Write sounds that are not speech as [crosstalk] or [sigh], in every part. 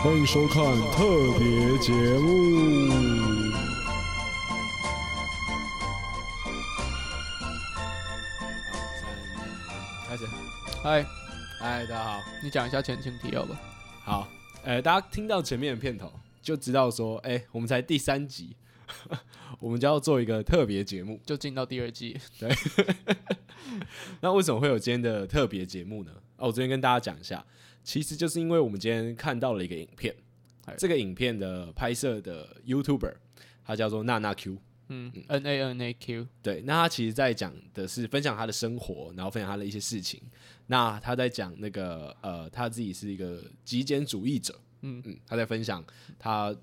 歡迎收看特別節目。好，再開始，嗨嗨，Hi, 大家好，你講一下前情提要吧。好、呃，大家聽到前面的片頭就知道說，哎、欸，我們才第三集呵呵，我們就要做一個特別節目，就進到第二季。對， [laughs] 那為什麼會有今天的特別節目呢？哦、啊，我昨天跟大家講一下。其實就是因為我們今天看到了一個影片，這個影片的拍攝的 YouTuber，他叫做娜娜 Q，嗯，嗯，N A N A Q，對，那他其實，在講的是分享他的生活，然後分享他的一些事情。那他在講那個呃，他自己是一個極簡主義者，嗯嗯，他在分享他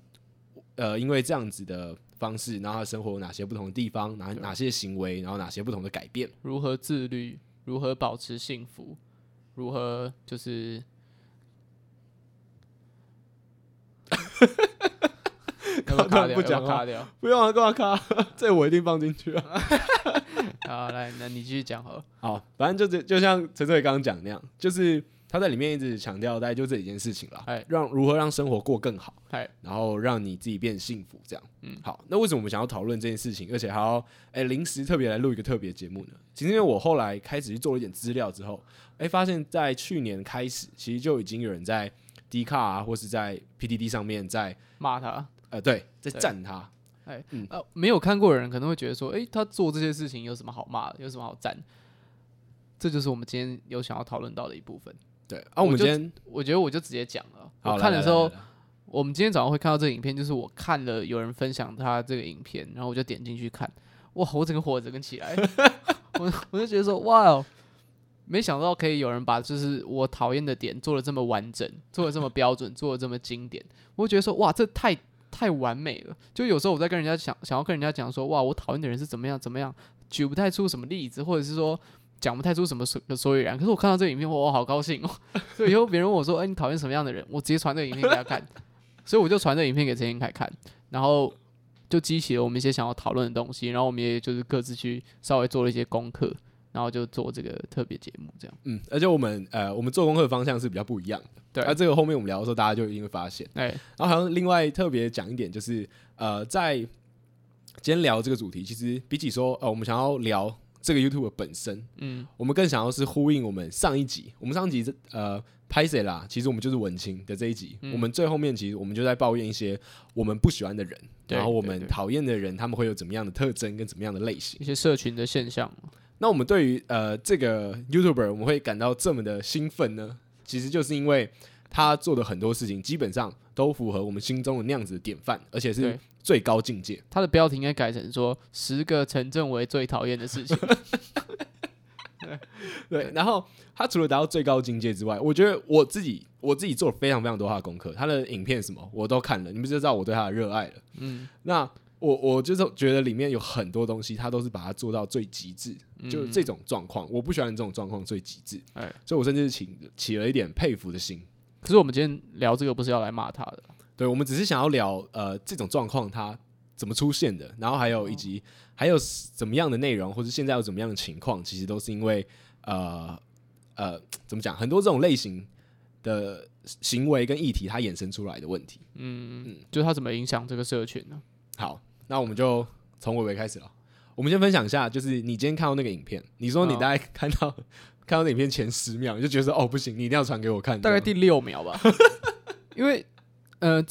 呃，因為這樣子的方式，然後他生活有哪些不同的地方，哪哪些行為，然後哪些不同的改變，如何自律，如何保持幸福，如何就是。哈 [laughs] 哈不講，卡掉，不用啊，掛卡， [laughs] 這我一定放進去啊！ [laughs] 好，來，那你繼續講好了。好，反正就是就像陳翠剛剛講的那樣，就是他在裡面一直強調大概就這幾件事情了。哎，讓如何讓生活過更好？哎，然後讓你自己變幸福，這樣。嗯，好，那為什麼我們想要討論這件事情，而且還要哎欸，臨時特別來錄一個特別節目呢？其實因為我後來開始去做了一點資料之後，哎、欸，發現在去年開始，其實就已經有人在。D 卡啊，或是在 PDD 上面在罵他，呃，對，在讚他。哎、欸，嗯，呃，沒有看過的人可能會覺得說，誒、欸，他做這些事情有什麼好罵的，有什麼好讚？這就是我們今天有想要討論到的一部分。對，啊，我們今天我，我覺得我就直接講了。我看的時候來來來來，我們今天早上會看到這個影片，就是我看了有人分享他這個影片，然後我就點進去看，哇，我整個火整個起來，我 [laughs] [laughs] 我就覺得說，哇、wow、哦。沒想到可以有人把就是我討厭的點做得這麼完整，做得這麼標準，做得這麼經典，我會覺得說哇，這太太完美了。就有時候我在跟人家想想要跟人家講說哇，我討厭的人是怎麼樣怎麼樣，舉不太出什麼例子，或者是說講不太出什麼所所以然。可是我看到這影片，我、哦、好高興哦。所以後別人問我說哎，你討厭什麼樣的人？我直接傳這個影片給他看。 [laughs] 所以我就傳這個影片給陳英凱看，然後就激起了我們一些想要討論的東西。然後我們也就是各自去稍微做了一些功課。然後就做這個特別節目，這樣。嗯，而且我們呃，我們做功課的方向是比較不一樣。對。那、啊、這個後面我們聊的時候，大家就一定會發現。對、欸、然後，好像另外特別講一點，就是呃，在今天聊這個主題，其實比起說呃，我們想要聊這個 YouTube 本身，嗯，我們更想要是呼應我們上一集，我們上一集呃拍攝啦？其實我們就是文青的這一集，嗯。我們最後面其實我們就在抱怨一些我們不喜歡的人，對，然後我們討厭的人對對對，他們會有怎麼樣的特徵跟怎麼樣的類型？一些社群的現象。那我們對於呃這個 YouTuber 我們會感到這麼的興奮呢？其實就是因為他做的很多事情基本上都符合我們心中的那樣子的典範，而且是最高境界。他的標題應該改成說“十個陳政委最討厭的事情” [laughs] 對對對。對，然後他除了達到最高境界之外，我覺得我自己我自己做了非常非常多他的功課，他的影片什麼我都看了，你們就知道我對他的熱愛了。嗯，那。我我就是覺得裡面有很多東西，他都是把它做到最極致，嗯、就是這種狀況，我不喜歡這種狀況最極致，哎、欸，所以我甚至是起起了一點佩服的心。可是我們今天聊這個，不是要來罵他的，對，我們只是想要聊呃這種狀況它怎麼出現的，然後還有以及、哦、還有怎麼樣的內容，或者現在有怎麼樣的情況，其實都是因為呃呃怎麼講，很多這種類型的行為跟議題，它衍生出來的問題，嗯，嗯就它怎麼影響這個社群呢、啊？好。那我們就從偉偉開始了。我們先分享一下，就是你今天看到那個影片，你說你大概看到、哦、看到那影片前十秒，你就覺得哦不行，你一定要傳給我看。大概第六秒吧， [laughs] 因為呃，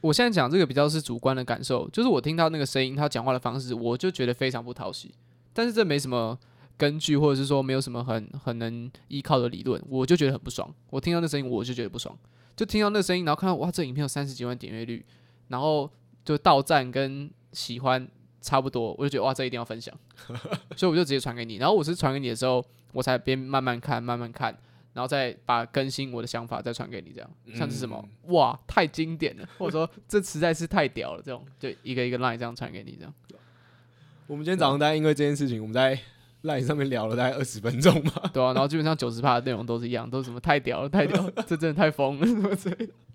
我現在講這個比較是主觀的感受，就是我聽到那個聲音，他講話的方式，我就覺得非常不討喜。但是這沒什麼根據，或者是說沒有什麼很很能依靠的理論，我就覺得很不爽。我聽到那聲音，我就覺得不爽，就聽到那聲音，然後看到哇，這個、影片有三十幾萬點閱率，然後就倒讚跟喜歡差不多，我就覺得哇，這一定要分享， [laughs] 所以我就直接傳給你。然後我是傳給你的時候，我才邊慢慢看，慢慢看，然後再把更新我的想法再傳給你，這樣像是什麼哇，太經典了，或者說這實在是太屌了，這種就一個一個 line 這樣傳給你，這樣。我們今天早上大家因為這件事情，我們在 line 上面聊了大概二十分鐘嘛。對啊，然後基本上九十趴的內容都是一樣，都是什麼太屌了，太屌，這真的太瘋了 [laughs] [laughs]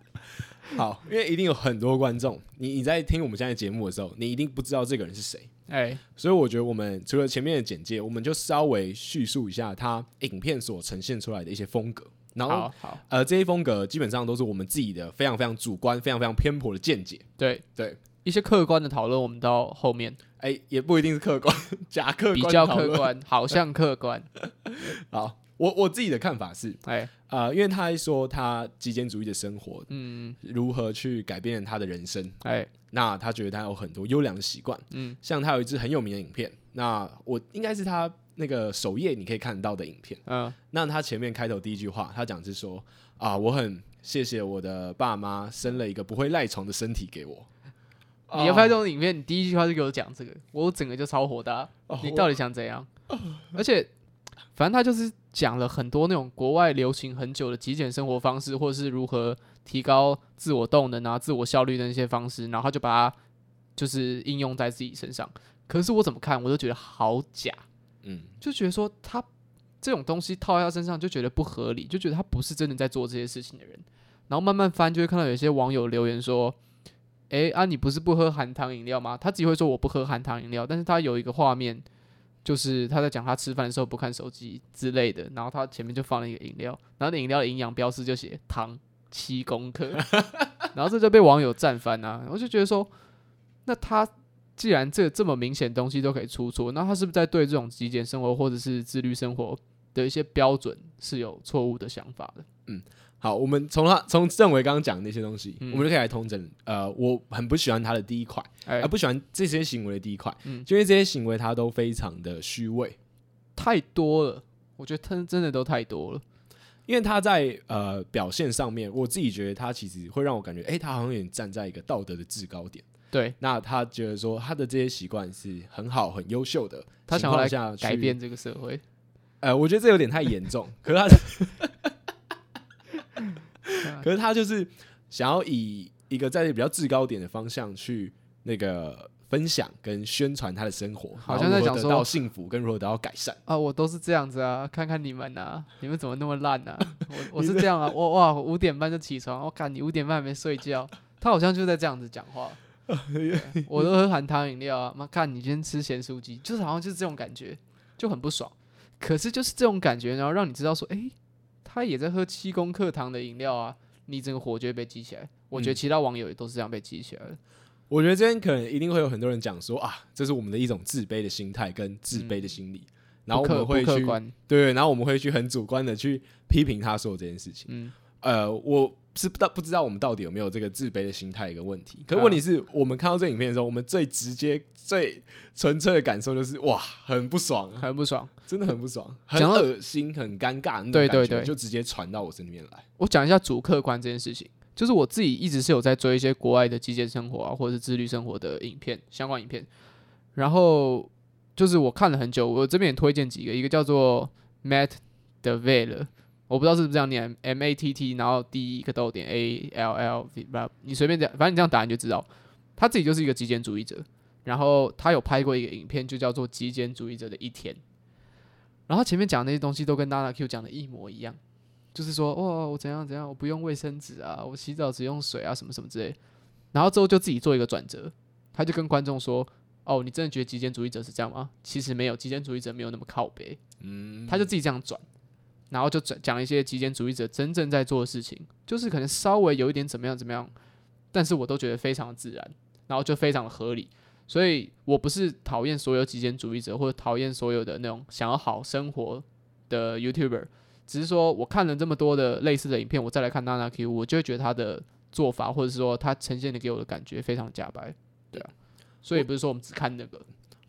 好，因為一定有很多觀眾，你你在聽我們現在節目的時候，你一定不知道這個人是誰，哎、欸，所以我覺得我們除了前面的簡介，我們就稍微敘述一下他影片所呈現出來的一些風格，然後，好好呃，這些風格基本上都是我們自己的非常非常主觀、非常非常偏頗的見解，對對，一些客觀的討論我們到後面，哎、欸，也不一定是客觀，假客觀的討論，比較客觀，好像客觀， [laughs] 好。我我自己的看法是，哎、欸，啊、呃，因為他還說他極簡主義的生活，嗯，如何去改變他的人生，哎、欸嗯，那他覺得他有很多優良的習慣，嗯，像他有一支很有名的影片，那我應該是他那個首頁你可以看得到的影片，嗯，那他前面開頭第一句話，他講是說，啊、呃，我很謝謝我的爸媽生了一個不會賴床的身體給我，你要拍這種影片，你第一句話就給我講這個，我整個就超火大、哦。你到底想怎樣？而且。反正他就是講了很多那種國外流行很久的極簡生活方式，或者是如何提高自我動能啊、自我效率的那些方式，然後他就把它就是應用在自己身上。可是我怎麼看，我都覺得好假，嗯，就覺得說他這種東西套在他身上就覺得不合理，就覺得他不是真的在做這些事情的人。然後慢慢翻，就會看到有些網友留言說：“誒啊，你不是不喝含糖飲料嗎？”他只會說：“我不喝含糖飲料。”但是他有一個畫面。就是他在講他吃飯的時候不看手機之類的，然後他前面就放了一個飲料，然後那飲料的營養標示就寫糖七公克， [laughs] 然後這就被網友戰翻啊！我就覺得說，那他既然這這麼明顯的東西都可以出錯，那他是不是在對這種極簡生活或者是自律生活的一些標準是有錯誤的想法的？嗯。好，我們從他從政委剛剛講那些東西，嗯，我們就可以來統整。呃，我很不喜歡他的第一塊，欸，而不喜歡這些行為的第一塊，嗯、就因為這些行為他都非常的虛偽，太多了。我覺得他真的都太多了，因為他在呃表現上面，我自己覺得他其實會讓我感覺，哎、欸，他好像也站在一個道德的制高點。對，那他覺得說他的這些習慣是很好、很優秀的，他想要來想改變這個社會。呃，我覺得這有點太嚴重。 [laughs] 可是他的， [laughs] 可是他就是想要以一個在比較制高點的方向去那個分享跟宣傳他的生活，好像在講說如何得到幸福，跟如何得到改善啊，我都是這樣子啊，看看你們吶、啊，你們怎麼那麼爛呢、啊？ [laughs] 我我是這樣啊，我哇五點半就起床，我看你五點半還沒睡覺，他好像就在這樣子講話， [laughs] 我都喝含糖飲料啊，媽看你今天吃鹹酥雞，就是好像就是這種感覺，就很不爽。可是就是這種感覺，然後讓你知道說，哎、欸。他也在喝七公克糖的飲料啊！你整個火就會被激起來。我覺得其他網友也都是這樣被激起來的。嗯、我覺得這邊可能一定會有很多人講說啊，這是我們的一種自卑的心態跟自卑的心理。嗯、然後我們會去不不客觀，對，然後我們會去很主觀的去批評他說這件事情。嗯，呃，我。是不知道，不知道我們到底有沒有這個自卑的心態一個問題。可是問題是我們看到這影片的時候，我們最直接、最純粹的感受就是哇，很不爽，很不爽，真的很不爽，很惡心，很尷尬。對對對，就直接傳到我身邊來。我講一下主客觀這件事情，就是我自己一直是有在追一些國外的極簡生活啊，或者是自律生活的影片相關影片。然後就是我看了很久，我這邊也推薦幾個，一個叫做 Matt D'Avella。我不知道是不是這樣念 M, M A T T，然後第一個逗點 A L L V Blah, 你隨便講，反正你這樣打你就知道。他自己就是一個極簡主義者，然後他有拍過一個影片，就叫做《極簡主義者的一天》。然後前面講那些東西都跟 NanaQ 講的一模一樣，就是說，哦，我怎樣怎樣，我不用衛生紙啊，我洗澡只用水啊，什麼什麼之類。然後之後就自己做一個轉折，他就跟觀眾說：“哦，你真的覺得極簡主義者是這樣嗎？其實沒有，極簡主義者沒有那麼靠北。嗯”他就自己這樣轉。然後就講一些極簡主義者真正在做的事情，就是可能稍微有一點怎麼樣怎麼樣，但是我都覺得非常自然，然後就非常的合理。所以我不是討厭所有極簡主義者，或者討厭所有的那種想要好生活的 YouTuber，只是說我看了這麼多的類似的影片，我再來看娜娜 Q，我就會覺得他的做法，或者是說他呈現的給我的感覺非常假掰，對啊。所以不是說我們只看那個。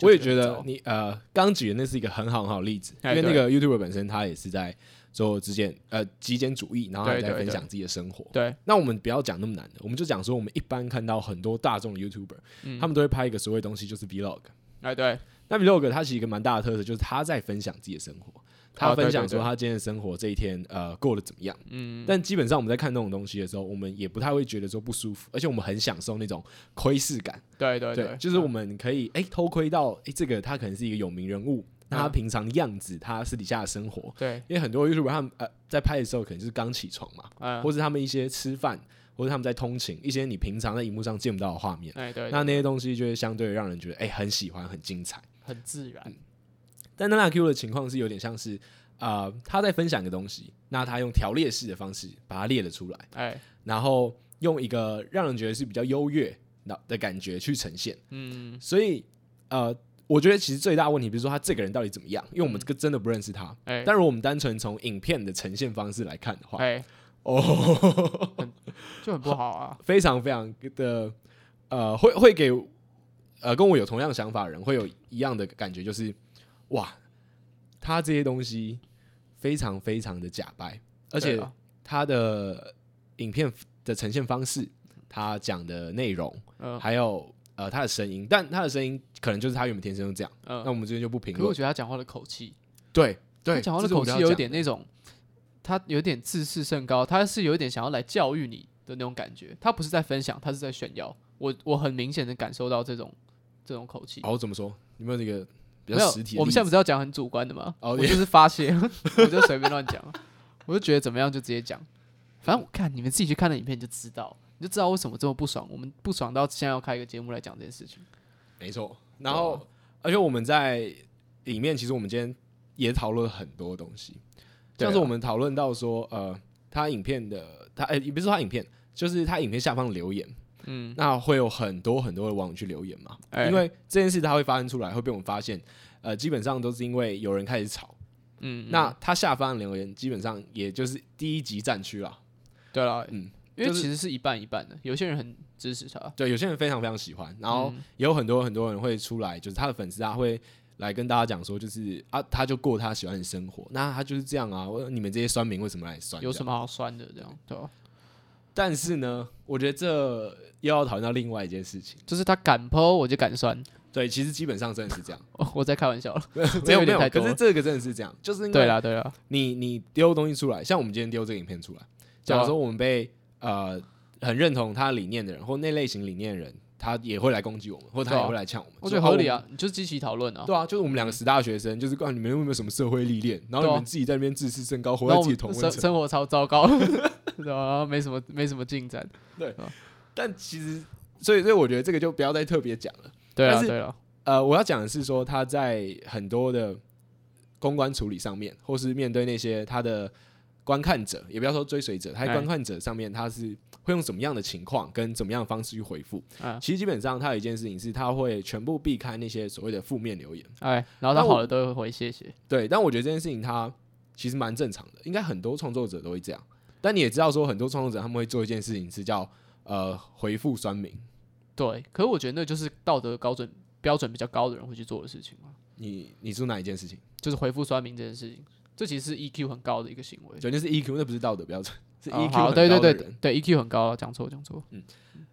我也覺得你呃剛舉的那是一個很好很好的例子，欸、因為那個 YouTuber 本身他也是在做之簡呃極簡主義，然後他也在分享自己的生活。對，對，那我們不要講那麼難的，我們就講說我們一般看到很多大眾的 YouTuber，、嗯、他們都會拍一個所謂東西，就是 Vlog。哎，對，那 Vlog 它是一個蠻大的特色，就是他在分享自己的生活。他分享說他今天的生活這一天呃過得怎麼樣？嗯，但基本上我們在看那種東西的時候，我們也不太會覺得說不舒服，而且我們很享受那種窺視感。對對對，對，就是我們可以哎、欸、偷窺到哎、欸、這個他可能是一個有名人物，他平常樣子，他私底下的生活。對，因為很多 YouTuber 他們呃在拍的時候可能就是剛起床嘛，或是他們一些吃飯，或者他們在通勤，一些你平常在熒幕上見不到的畫面。那那些東西就是相對的讓人覺得哎、欸、很喜歡，很精彩、嗯，很自然。但娜娜 Q 的情況是有點像是，呃，他在分享一個東西，那他用條列式的方式把它列了出來、欸，然後用一個讓人覺得是比較優越的的感覺去呈現，嗯，所以呃，我覺得其實最大問題，比如說他這個人到底怎麼樣，因為我們這個真的不認識他，嗯、但如果我們單純從影片的呈現方式來看的話，哎、欸，哦， [laughs] 就很不好啊，非常非常的呃，會會給呃跟我有同樣想法的人會有一樣的感覺，就是。哇，他這些東西非常非常的假掰，而且他的影片的呈現方式，他講的內容、嗯，還有呃他的聲音，但他的聲音可能就是他原本天生就這樣、嗯。那我們這邊就不評論。可我覺得他講話的口氣，對對，講話的口氣有點那種，他有點自視甚高，他是有一點想要來教育你的那種感覺。他不是在分享，他是在炫耀。我我很明顯的感受到這種這種口氣。哦，怎麼說？有沒有這個？沒有，我們現在不是要講很主觀的嗎？Oh, yeah. 我就是發洩， [laughs] 我就隨便亂講， [laughs] 我就覺得怎麼樣就直接講。反正我看你們自己去看的影片就知道，你就知道為什麼這麼不爽。我們不爽到現在要開一個節目來講這件事情，沒錯。然後、啊，而且我們在裡面，其實我們今天也討論了很多東西，像是我們討論到說，呃，他影片的，他哎、欸，也不是他影片，就是他影片下方的留言。嗯，那會有很多很多的網友去留言嘛、欸，因為這件事他會發生出來，會被我們發現。呃，基本上都是因為有人開始炒。嗯，那他下方的留言基本上也就是第一級戰區了。對啦，嗯，因、就是就是，因為其實是一半一半的。有些人很支持他，對，有些人非常非常喜歡。然後有很多很多人會出來，就是他的粉絲啊，會來跟大家講說，就是啊，他就過他喜歡的生活，那他就是這樣啊。你們這些酸民為什麼來酸？有什麼好酸的？這樣對吧、哦。但是呢，我覺得這又要討論到另外一件事情，就是他敢 Po，我就敢酸。對，其實基本上真的是這樣。 [laughs] 我在開玩笑了， [laughs] 沒有沒有，有。可是這個真的是這樣，就是因為對了對了。你你丟東西出來，像我們今天丟這個影片出來，假如說我們被、啊、呃很認同他理念的人，或那類型理念的人，他也會來攻擊我們，或他也會來嗆我們、啊。我覺得合理啊，你就是積極討論啊。對啊，就是我們兩個十大學生，就是看、啊、你們有沒有什麼社會歷練，然後你們自己在那邊自視甚高，活在自己同溫層，生活超糟糕。 [laughs] 哦、沒什麼，沒什麼進展。對，哦、但其實，所以，所以我覺得這個就不要再特別講了，對啊、但是。對啊，呃，我要講的是說他在很多的公關處理上面，或是面對那些他的觀看者，也不要說追隨者，他在觀看者上面，欸、他是會用什麼樣的情況跟怎麼樣的方式去回復？啊、欸，其實基本上他有一件事情是他會全部避開那些所謂的負面留言。哎、欸，然後他好的都會回謝謝。對，但我覺得這件事情他其實蠻正常的，應該很多創作者都會這樣。但你也知道，說很多創作者他們會做一件事情，是叫呃回覆酸民。對，可是我覺得那就是道德標準標準比較高的人會去做的事情。啊、你你做哪一件事情？就是回覆酸民這件事情，這其實是 EQ 很高的一個行為。對，講的是 EQ，那不是道德標準，是 EQ。哦啊。對對對對，對，EQ 很高，啊，講錯講錯。嗯，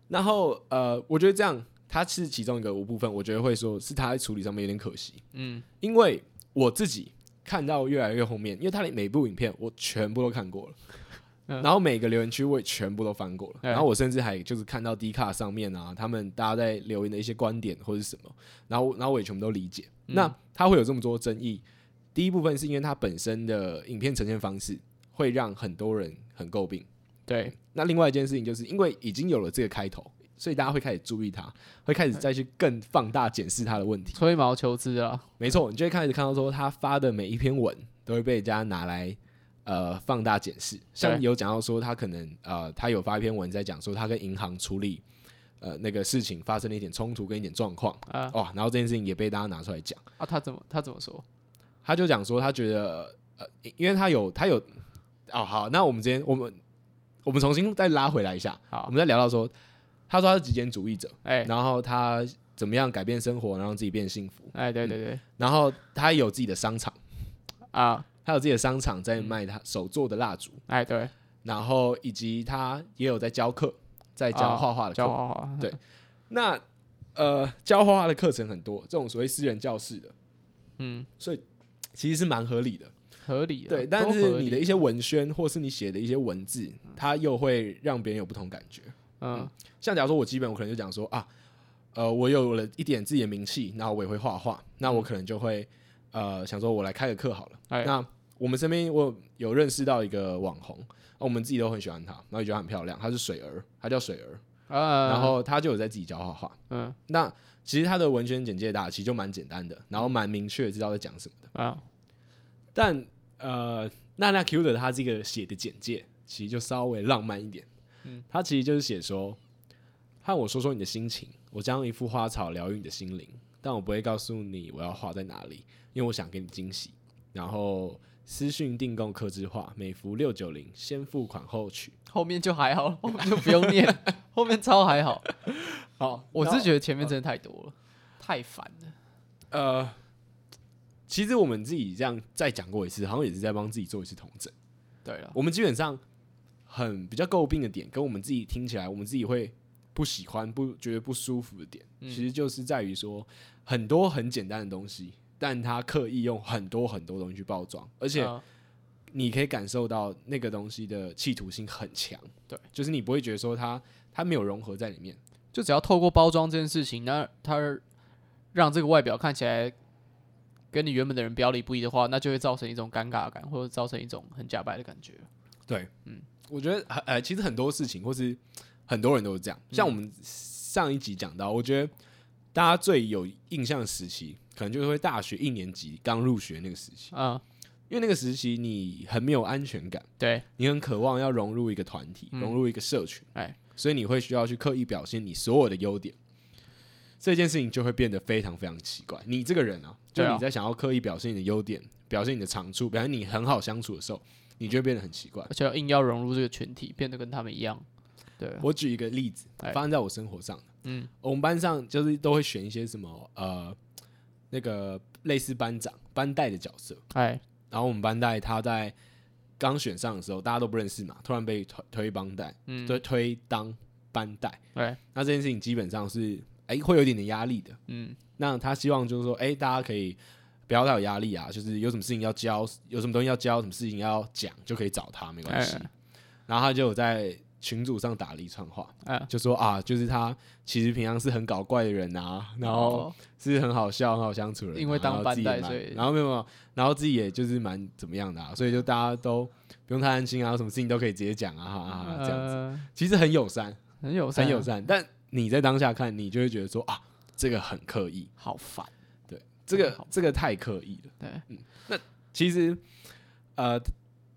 然後呃，我覺得這樣，它是其、其中一個五部分，我覺得會說是他在處理上面有點可惜。嗯，因為我自己看到越來越後面，因為他每部影片我全部都看過了。嗯、然後每個留言區我也全部都翻過了，然後我甚至還就是看到 D 卡上面啊，他們大家在留言的一些觀點或者是什麼，然後然後我也全部都理解。那它會有這麼多爭議，第一部分是因為它本身的影片呈現方式會讓很多人很詬病。對，那另外一件事情就是因為已經有了這個開頭，所以大家會開始注意它，會開始再去更放大檢視它的問題，吹毛求疵啊。沒錯，你就會開始看到說他發的每一篇文都會被人家拿來。呃，放大檢視，像有講到說他可能呃，他有發一篇文在講說他跟銀行處理呃那個事情發生了一點衝突跟一點狀況啊，哦，然後這件事情也被大家拿出來講啊，他怎麼他怎麼說？他就講說他覺得呃，因為他有他有哦，好，那我們今天我們我們重新再拉回來一下，好，我們再聊到說，他說他是極簡主義者，哎、欸，然後他怎麼樣改變生活，然後讓自己變幸福？哎、欸，對對對、嗯，然後他有自己的商場啊。他有自己的商場，在賣他手做的蠟燭。哎，對。然後以及他也有在教課，在教畫畫的課、嗯。對。那呃，教畫畫的課程很多，這種所謂私人教室的，嗯，所以其實是蠻合理的。合理的。對，但是你的一些文宣或是你寫的一些文字，嗯、它又會讓別人有不同感覺嗯。嗯，像假如說我基本我可能就講說啊，呃，我有了一點自己的名氣，然後我也會畫畫，那我可能就會、嗯、呃想說我來開個課好了。哎、那我們身邊我有認識到一個網紅，啊、我們自己都很喜歡她，然後也覺得很漂亮。她是水兒，她叫水兒，uh, 然後她就有在自己教畫畫，嗯、uh.。那其實她的文宣簡介大其實就蠻簡單的，然後蠻明確知道在講什麼的啊。Uh. 但呃，娜娜 Q 的他這個寫的簡介其實就稍微浪漫一點，她，嗯、他其實就是寫說，和我說說你的心情，我將一幅花草療癒你的心靈，但我不會告訴你我要畫在哪裡，因為我想給你驚喜，然後。私訊訂購客製化，每幅六九零，先付款後取。後面就還好，後面就不用念。 [laughs] 後面超還好， [laughs] 好。我是覺得前面真的太多了，太煩了。呃，其實我們自己這樣再講過一次，好像也是在幫自己做一次統整。對了，我們基本上很比較詬病的點，跟我們自己聽起來，我們自己會不喜歡、不覺得不舒服的點，嗯、其實就是在於說很多很簡單的東西。但他刻意用很多很多東西去包裝，而且你可以感受到那個東西的企圖心很強。對，就是你不會覺得說它它沒有融合在裡面，就只要透過包裝這件事情，那它讓這個外表看起來跟你原本的人表裡不一的話，那就會造成一種尷尬感，或者造成一種很假白的感覺。對，嗯，我覺得很，哎、呃，其實很多事情或是很多人都是這樣。像我們上一集講到、嗯，我覺得。大家最有印象的時期，可能就是會大學一年級剛入學那個時期啊、嗯，因為那個時期你很沒有安全感，對，你很渴望要融入一個團體、嗯，融入一個社群，哎、欸，所以你會需要去刻意表現你所有的優點，這件事情就會變得非常非常奇怪。你這個人啊，就你在想要刻意表現你的優點、哦，表現你的長處，表現你很好相處的時候，你就會變得很奇怪，而且要硬要融入這個群體，變得跟他們一樣。對，我舉一個例子，發生在我生活上、欸、嗯，我們班上就是都會選一些什麼呃，那個類似班長、班代的角色、欸。然後我們班代他在剛選上的時候，大家都不認識嘛，突然被推推幫帶，嗯，就推當班代、欸。那這件事情基本上是哎、欸，會有一點點壓力的。嗯，那他希望就是說，哎、欸，大家可以不要太有壓力啊，就是有什麼事情要教，有什麼東西要教，什麼事情要講，就可以找他沒關係、欸。然後他就在。群組上打了一串話、啊，就說啊，就是他其實平常是很搞怪的人啊，然後是很好笑、很好相處的人、啊，因為當班代嘛，然後沒有沒有，然後自己也就是蠻怎麼樣的啊，所以就大家都不用太擔心啊，什麼事情都可以直接講啊，好啊好啊這樣子、呃、其實很友善，很友善、啊，很友善。但你在當下看，你就會覺得說啊，這個很刻意，好煩。對，這個、嗯、這個太刻意了。對，嗯，那其實呃，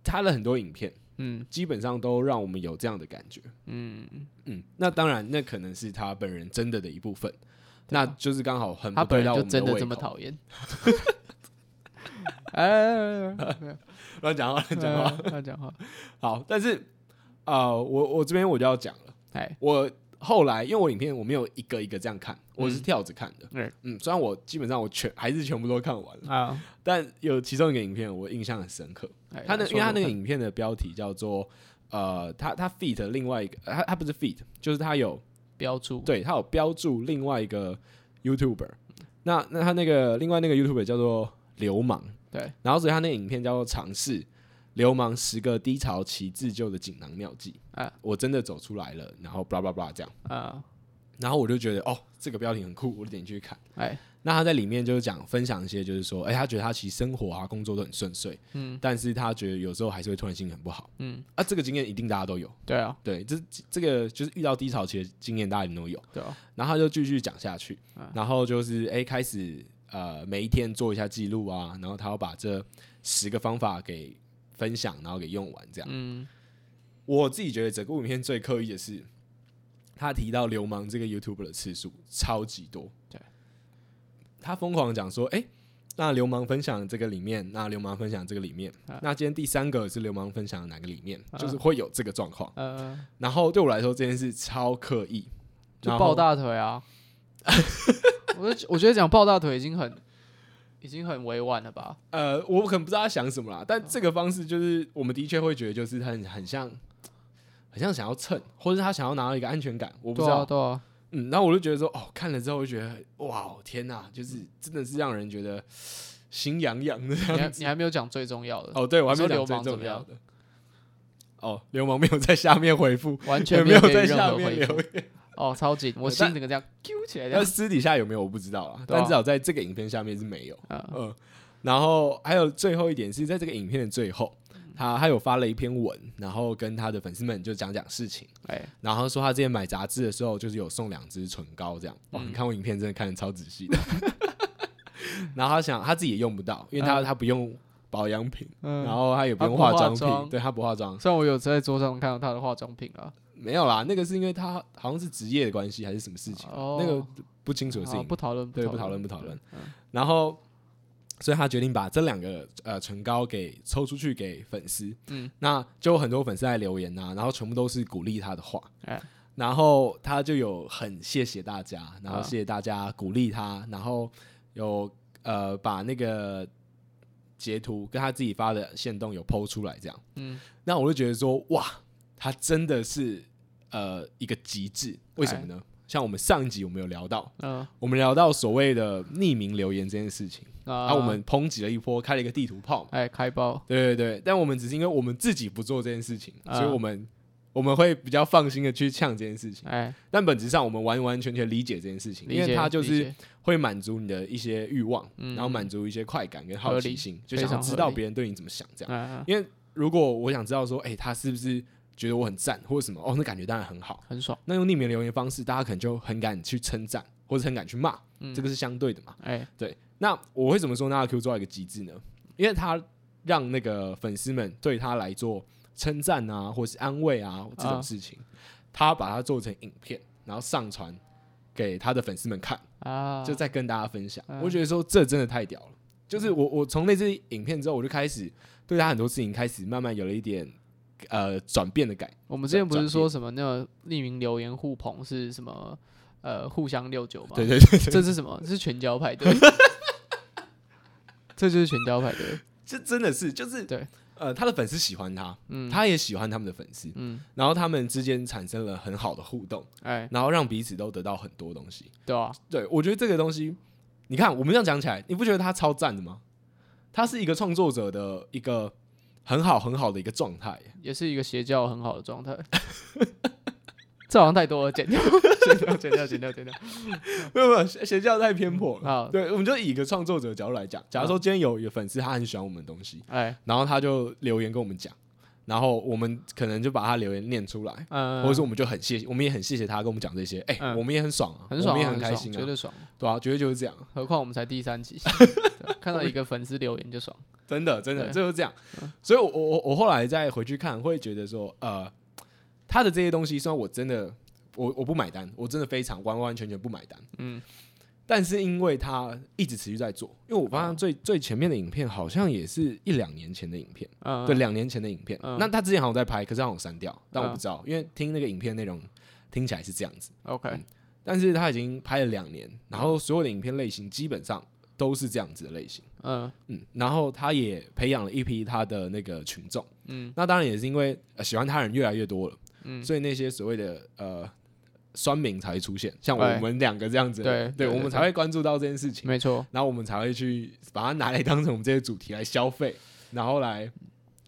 他的很多影片。嗯，基本上都讓我們有這樣的感覺。嗯嗯嗯，那當然，那可能是他本人真的的一部分，嗯、那就是剛好很他本人就真的這麼討厭。 [laughs] [laughs] 哎，哎，哎，哎，哎，亂 [laughs] 講話，亂講話，亂講話。好，但是啊、呃，我我這邊我就要講了。哎，我。後來，因為我影片，我沒有一個一個這樣看，嗯、我是跳着看的嗯。嗯，雖然我基本上我全還是全部都看完了、啊哦，但有其中一個影片我印象很深刻。他那、哎呀、說說看，因為他那個影片的標題叫做呃，他他 feat 另外一個，他他不是 feat，就是他有標注，對他有標注另外一個 YouTuber 那。那那他那個另外那個 YouTuber 叫做流氓，對，然後所以他那個影片叫做嘗試。流氓十個低潮期自救的錦囊妙計啊！我真的走出來了，然後巴拉巴拉巴拉這樣啊，然後我就覺得哦，這個標題很酷，我就點進去看。哎，那他在裡面就是講分享一些，就是說，哎，他覺得他其實生活啊、工作都很順遂，嗯，但是他覺得有時候還是會突然心情很不好，嗯，啊，這個經驗一定大家都有，對啊，對，這這個就是遇到低潮期的經驗，大家都有，對哦、啊，然後他就繼續講下去，啊、然後就是哎，開始呃，每一天做一下記錄啊，然後他要把這十個方法給。分享，然後給用完，這樣、嗯。我自己覺得整個影片最刻意的是，他提到“流氓”這個 YouTube 的次數超級多。對，他瘋狂講說：“誒、欸、那流氓分享這個裡面，那流氓分享這個裡面、嗯，那今天第三個是流氓分享的哪個裡面、嗯，就是會有這個狀況。嗯”然後對我來說這件事超刻意，就抱大腿啊！我 [laughs] 我覺得講抱大腿已經很。已經很委婉了吧？呃，我可能不知道他想什麼啦，但這個方式就是我們的確會覺得，就是很很像，很像想要蹭，或者是他想要拿到一個安全感，我不知道，對啊，對啊，嗯，然後我就覺得說，哦，看了之後我就覺得，哇，天哪、啊，就是真的是讓人覺得心癢癢的。你你還沒有講最重要的哦，對，我還沒有講最重要的。哦，流氓沒有在下面回復，完全沒有，沒有在下面留言。哦，超緊！我心整個這樣 Q 起來。那私底下有沒有我不知道啦，啊，但至少在這個影片下面是沒有。嗯，呃、然後還有最後一點是，在這個影片的最後，嗯、他他有發了一篇文，然後跟他的粉絲們就講講事情。哎、欸，然後說他之前買雜誌的時候，就是有送兩支唇膏這樣。嗯、你看我影片，真的看得超仔細的。 [laughs] [laughs] 然後他想他自己也用不到，因為他、嗯、他不用保養品、嗯，然後他也不用化妝品，他不化妝，對，他不化妝。雖然我有在桌上看到他的化妝品啊。沒有啦，那個是因為他好像是職業的關係還是什麼事情，oh, 那個不清楚的事情不討論，對，不討論不討論、嗯。然後，所以他決定把這兩個呃唇膏給抽出去給粉絲，嗯，那就很多粉絲來留言吶、啊，然後全部都是鼓勵他的話、欸，然後他就有很謝謝大家，然後謝謝大家鼓勵他、嗯，然後有呃把那個截圖跟他自己發的限動有 PO 出來這樣，嗯，那我就覺得說哇，他真的是。呃，一個極致，為什麼呢、欸？像我們上一集我們有聊到，嗯、呃，我們聊到所謂的匿名留言這件事情，呃、啊，我們抨擊了一波，開了一個地圖炮，哎、欸，開包，對對對，但我們只是因為我們自己不做這件事情，呃、所以我們我們會比較放心的去嗆這件事情，哎、欸，但本質上我們完完全全理解這件事情，因為它就是會滿足你的一些慾望，嗯、然後滿足一些快感跟好奇心，就想知道別人對你怎麼想這樣，因為如果我想知道說，哎、欸，他是不是？覺得我很讚或者什麼哦，那感覺當然很好，很爽。那用匿名留言方式，大家可能就很敢去稱讚，或者很敢去罵。嗯，這個是相對的嘛。哎、欸，對。那我為什麼說那阿 Q 做到一個極致呢，因為他讓那個粉絲們對他來做稱讚啊，或是安慰啊這種事情、啊，他把它做成影片，然後上傳給他的粉絲們看啊，就再跟大家分享、欸。我覺得說這真的太屌了，就是我我從那支影片之後，我就開始對他很多事情開始慢慢有了一點。呃，轉變的感。我們之前不是說什麼那個匿名留言互捧是什麼？呃，互相六九嗎？對對對，對，這是什麼？這是全交派對。 [laughs] [laughs] 這就是全交派對。這真的是，就是，對。呃，他的粉絲喜歡他，嗯，他也喜歡他們的粉絲，嗯，然後他們之間產生了很好的互動，哎、欸，然後讓彼此都得到很多東西，對啊，對，我覺得這個東西，你看我們這樣講起來，你不覺得他超讚的嗎？他是一個創作者的一個。很好很好的一個狀態，也是一個邪教很好的狀態。 [laughs] 這好像太多了，剪掉， [laughs] 剪掉，剪掉，剪掉，剪掉，剪掉。不不，邪教太偏頗了。好。對，我們就以一個創作者的角度來講，假如說今天有有粉絲他很喜歡我們的東西，哎、啊，然後他就留言跟我們講。欸欸然後我們可能就把他留言念出來，嗯、或者說我們就很謝，謝，我們也很謝謝他跟我們講這些，哎、欸嗯，我們也很爽啊，很、嗯、爽，我們也很開心啊，覺得爽、啊、爽，對啊，覺得就是這樣。何況我們才第三期， [laughs] 看到一個粉絲留言就爽， [laughs] 真的，真的就是這樣。所以我，我我我後來再回去看，會覺得說，呃，他的這些東西，雖然我真的，我我不買單，我真的非常完完全全不買單，嗯。但是因為他一直持續在做，因為我發現最最前面的影片，好像也是一兩年前的影片，嗯、對，兩年前的影片、嗯。那他之前好像在拍，可是讓我刪掉，但我不知道，嗯、因為聽那個影片內容聽起來是這樣子、嗯嗯。OK，但是他已經拍了兩年，然後所有的影片類型基本上都是這樣子的類型。嗯嗯，然後他也培養了一批他的那個群眾。嗯，那當然也是因為、呃、喜歡他的人越來越多了。嗯，所以那些所謂的呃。酸民才會出現，像我們兩個這樣子，對，對、對、對、對我們才會關注到這件事情，沒錯。然後我們才會去把它拿來當成我們這些主題來消費，然後來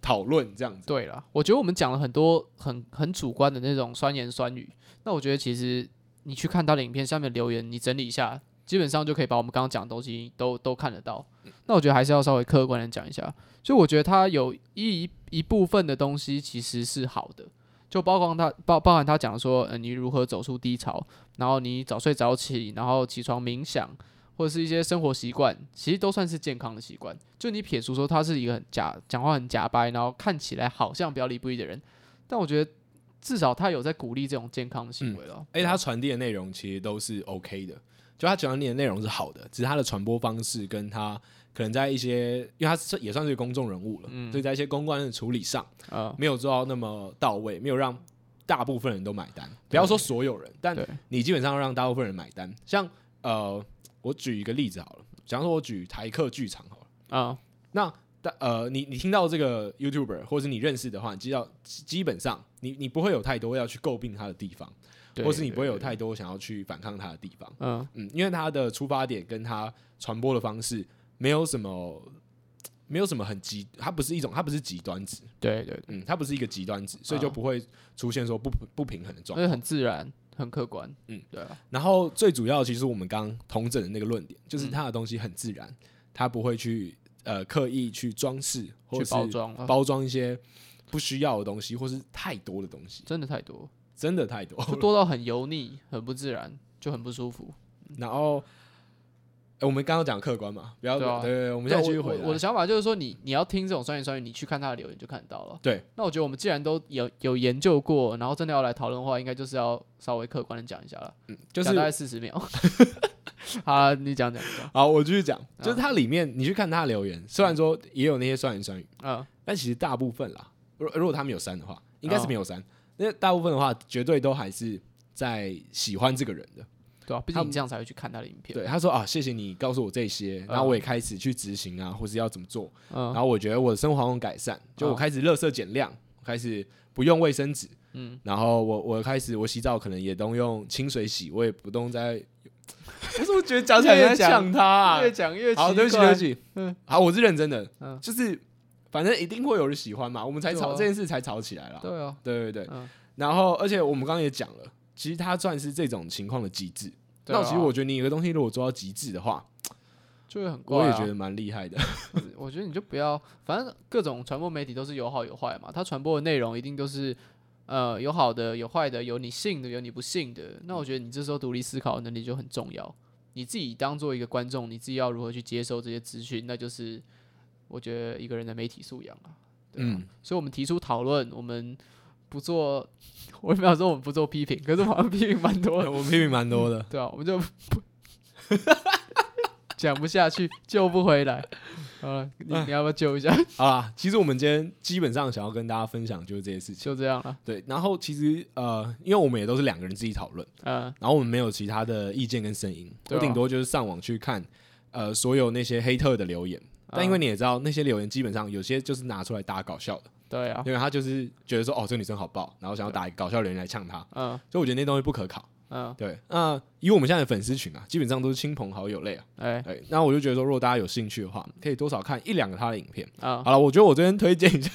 討論這樣子。對了，我覺得我們講了很多很很主觀的那種酸言酸語，那我覺得其實你去看他的影片下面留言，你整理一下，基本上就可以把我們剛剛講的東西都都看得到。那我覺得還是要稍微客觀的講一下，所以我覺得他有一一部分的東西其實是好的。就包括他包包含他講說，嗯、呃，你如何走出低潮，然後你早睡早起，然後起床冥想，或者是一些生活習慣，其實都算是健康的習慣。就你撇除說他是一個很假講話很假掰，然後看起來好像表裡不一的人，但我覺得至少他有在鼓勵這種健康的行為了。而、嗯、且、欸、他傳遞的內容其實都是 OK 的，就他講的你的內容是好的，只是他的傳播方式跟他。可能在一些，因為他是也算是公眾人物了，嗯，所以在一些公關的處理上，哦，沒有做到那麼到位，沒有讓大部分人都買單，不要說所有人，但你基本上要讓大部分人買單。像呃，我舉一個例子好了，假如說我舉台客劇場好了，啊，哦，那呃，你你聽到這個 YouTuber，或者你認識的話，你就要基本上，你你不會有太多要去詬病他的地方，或是你不會有太多想要去反抗他的地方，對對對，嗯，因為他的出發點跟他傳播的方式。沒有什麼，沒有什麼很極，它不是一種，它不是極端值。對對、對，嗯，它不是一個極端值，所以就不會出現說不、啊、不平衡的狀態，很自然，很客觀。嗯，對、啊。然後最主要，其實我們剛統整的那個論點，就是它的東西很自然，它不會去呃刻意去裝飾，或包裝、okay、包裝一些不需要的東西，或是太多的東西，真的太多，真的太多，多到很油膩，很不自然，就很不舒服。嗯、然後。欸、我們剛剛講的客觀嘛，不要對、啊、對、對對。我們現在繼續回來我。我的想法就是說你，你你要聽這種酸言酸語，你去看他的留言就看得到了。對。那我覺得我們既然都有有研究過，然後真的要來討論的話，應該就是要稍微客觀的講一下了。嗯，就是大概四十秒。 [laughs] [laughs] 好，你講講、講。好，我繼續講。嗯、就是它裡面，你去看他的留言，雖然說也有那些酸言酸語啊、嗯，但其實大部分啦，如如果他沒有刪的話，應該是沒有刪、嗯。因為大部分的話，絕對都還是在喜歡這個人的。對啊，畢竟，他們這樣才會去看他的影片。對，他說啊，謝謝你告訴我這些，然後我也開始去執行啊、呃，或是要怎麼做、呃。然後我覺得我的生活好像很改善，就我開始垃圾減量、呃，開始不用衛生紙、嗯，然後我我開始我洗澡可能也都用清水洗，我也不用再。嗯、 [laughs] 我怎麼覺得講起來有點像他、啊？越講越好，對不起，對不起，對不起，好，我是認真的，嗯、就是反正一定會有人喜歡嘛，我們才吵、哦、這件事才吵起來了。對啊、哦，對對對，嗯、然後而且我們剛剛也講了。其實它算是這種情況的極致。但、啊、其實我覺得你一個東西如果做到極致的話，就會很貴、啊。我也覺得蠻厲害的。我覺得你就不要，反正各種傳播媒體都是有好有壞嘛。它傳播的內容一定都是，呃，有好的，有壞的，有你信的，有你不信的。那我覺得你這時候獨立思考的能力就很重要。你自己當做一個觀眾，你自己要如何去接收這些資訊，那就是我覺得一個人的媒體素養了、啊。嗯，所以我們提出討論，我們。不做，我也不知道說我們不做批評，可是我們批評蠻多的、嗯。我們批評蠻多的、嗯。對啊，我們就講不， [laughs] 不下去， [laughs] 救不回來。啊，你要不要救一下？啊，其實我們今天基本上想要跟大家分享就是這些事情，就這樣了。對，然後其實呃，因為我們也都是兩個人自己討論，嗯，然後我們沒有其他的意見跟聲音，我頂多就是上網去看呃所有那些黑特的留言，但因為你也知道，那些留言基本上有些就是拿出來打搞笑的。對啊對，因為他就是覺得說，哦，這個女生好爆，然後想要打一個搞笑的人來嗆他，嗯，所以我覺得那東西不可靠，嗯，對，那、呃、以我們現在的粉絲群啊，基本上都是親朋好友類啊，哎、欸，那我就覺得說，如果大家有興趣的話，可以多少看一兩個他的影片啊。嗯、好了，我覺得我這邊推薦一下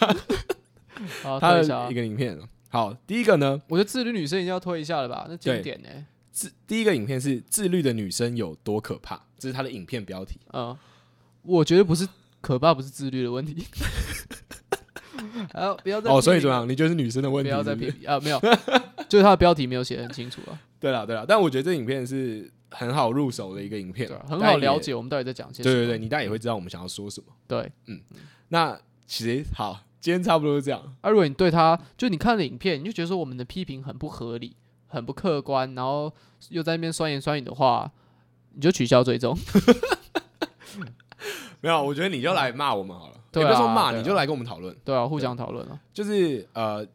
[laughs] 好他的一個影片，啊、好，第一個呢，我覺得自律女生一定要推一下了吧，那經典呢？自第一個影片是自律的女生有多可怕，這是他的影片標題啊，嗯、我覺得不是可怕，不是自律的問題。 [laughs] 啊、哦！不要再哦，所以怎麼樣？你覺得是女生的問題？不要再批評啊！沒有， [laughs] 就是它的標題沒有寫很清楚啊。對了，對了，但我覺得這影片，是很好入手的一個影片，對很好了解我們到底在講些什麼。對對對，你大概也會知道我們想要說什麼。對，嗯，那其實好，今天差不多是這樣。啊，如果你對他，就你看了影片，你就覺得說我們的批評很不合理，很不客觀，然後又在那邊酸言酸語的話，你就取消追蹤。 [laughs] [laughs] 沒有，我覺得你就來罵我們好了。也不說罵，你就來跟我們討論。對啊，對啊，互相討論啊。就是呃，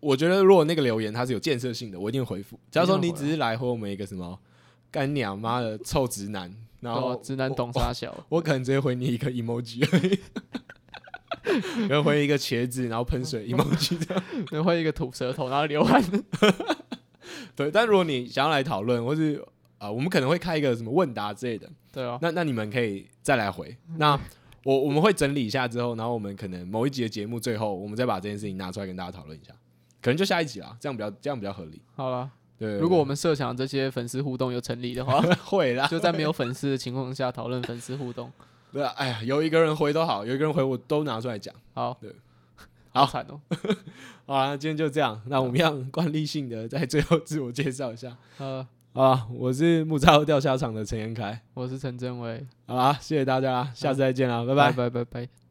我覺得如果那個留言它是有建設性的，我一定回復。假如說你只是來回我們一個什麼幹娘媽的臭直男，然後、啊、直男懂啥小我，我可能直接回你一個 emoji， [laughs] [laughs] 回一個茄子，然後噴水 emoji 這樣， [laughs] 回一個吐舌頭，然後流汗。 [laughs] [laughs] 對，但如果你想要來討論，或是啊、呃，我們可能會開一個什麼問答之類的。對啊，那那你們可以再來回那。 [laughs] 我我們會整理一下之後，然後我們可能某一集的節目最後，我們再把這件事情拿出來跟大家討論一下，可能就下一集啦。這樣比較，這樣比較合理。好了，對。如果我們設想這些粉絲互動有成立的話， [laughs] 會啦。就在沒有粉絲的情況下討論粉絲互動， [laughs] 對啊。哎呀，有一個人回都好，有一個人回我都拿出來講。好，對。好，好慘哦。 [laughs] 好了，今天就這樣。那我們要慣例性的在最後自我介紹一下。嗯。啊，我是木柵釣蝦場的陳延凱，我是陳真偉，好啦，謝謝大家啦，下次再見啦，啊、拜拜，拜拜拜。